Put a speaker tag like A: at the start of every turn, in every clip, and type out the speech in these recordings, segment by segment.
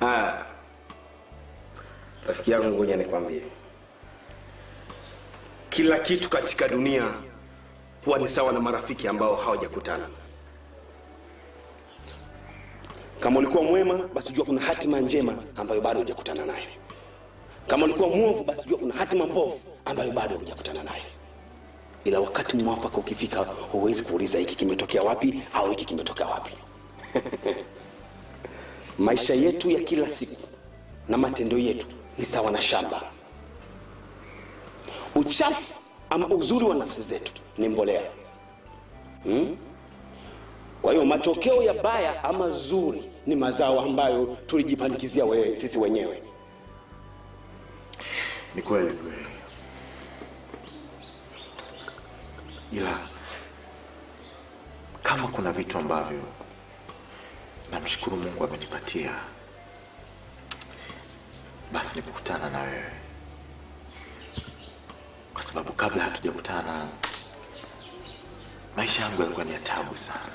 A: Ah. rafiki yangu, ngoja nikwambie, kila kitu katika dunia huwa ni sawa na marafiki ambao hawajakutana. Kama ulikuwa mwema, basi jua kuna hatima njema ambayo bado hujakutana naye Kama ulikuwa mwovu, basi jua kuna hatima mbovu ambayo bado hujakutana naye ila wakati mwafaka ukifika, huwezi kuuliza hiki kimetokea wapi au hiki kimetokea wapi. Maisha yetu ya kila siku na matendo yetu ni sawa na shamba. Uchafu ama uzuri wa nafsi zetu ni mbolea hmm? Kwa hiyo matokeo ya baya ama zuri ni mazao ambayo tulijipandikizia we, sisi wenyewe.
B: Ni kweli kweli. ila kama kuna vitu ambavyo namshukuru Mungu amenipatia, basi nikukutana na wewe, kwa sababu kabla hatujakutana maisha yangu yalikuwa ni ya tabu sana.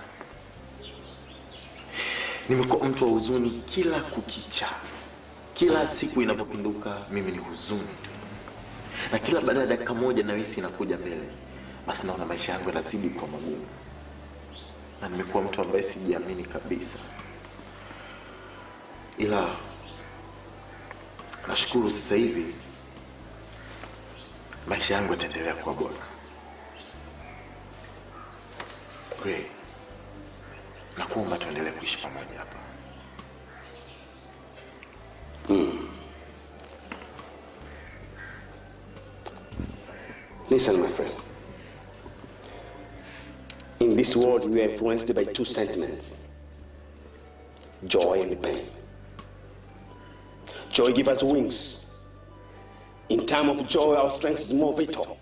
B: Nimekuwa mtu wa huzuni kila kukicha, kila siku inapopinduka mimi ni huzuni tu, na kila baada ya dakika moja nahisi inakuja mbele basi naona maisha yangu yanazidi kuwa magumu, na nimekuwa mtu ambaye sijiamini kabisa, ila nashukuru sasa hivi maisha yangu yataendelea kuwa bora. Gray, nakuomba tuendelee kuishi pamoja hapa. Hmm.
A: Listen my friend. In this world, we are influenced by two sentiments joy and pain. Joy gives us wings. In time of joy, our strength is more vital,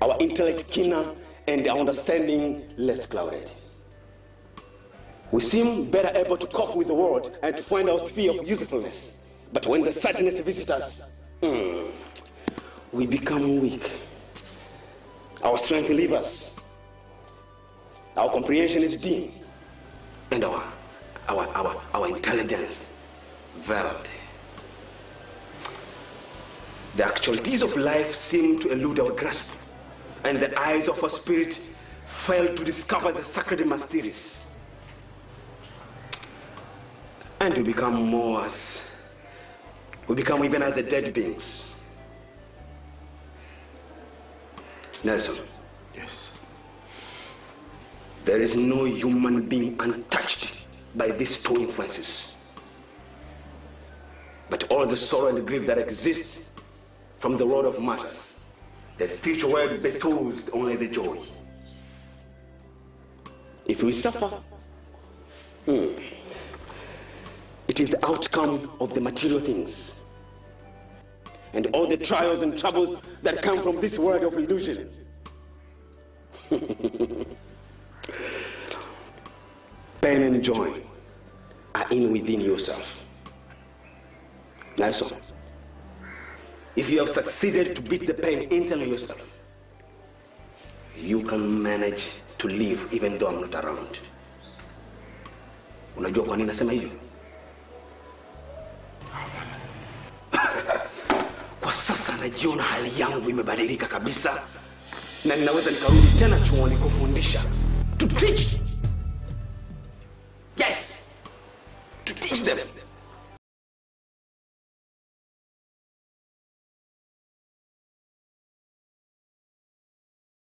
A: our intellect keener, and our understanding less clouded. We seem better able to cope with the world and to find our sphere of usefulness. But when the sadness visits us, mm, we become weak. Our strength leaves us Our comprehension is dim, and our our our, our intelligence veiled. The actualities of life seem to elude our grasp, and the eyes of our spirit fail to discover the sacred mysteries. And we become more as we become even as the dead beings. Nelson. Yes. There is no human being untouched by these two influences. But all the sorrow and grief that exists from the world of matters, the spiritual world bestows only the joy. If we suffer, hmm, it is the outcome of the material things and all the trials and troubles that come from this world of illusion. pain and joy are in within yourself. That's If you have succeeded to beat the pain internally yourself, you can manage to live even though I'm not around. Unajua kwa nini nasema hivyo? Kwa sasa najiona hali yangu imebadilika kabisa na ninaweza nikarudi tena chuoni kufundisha, to teach Yes. To teach them.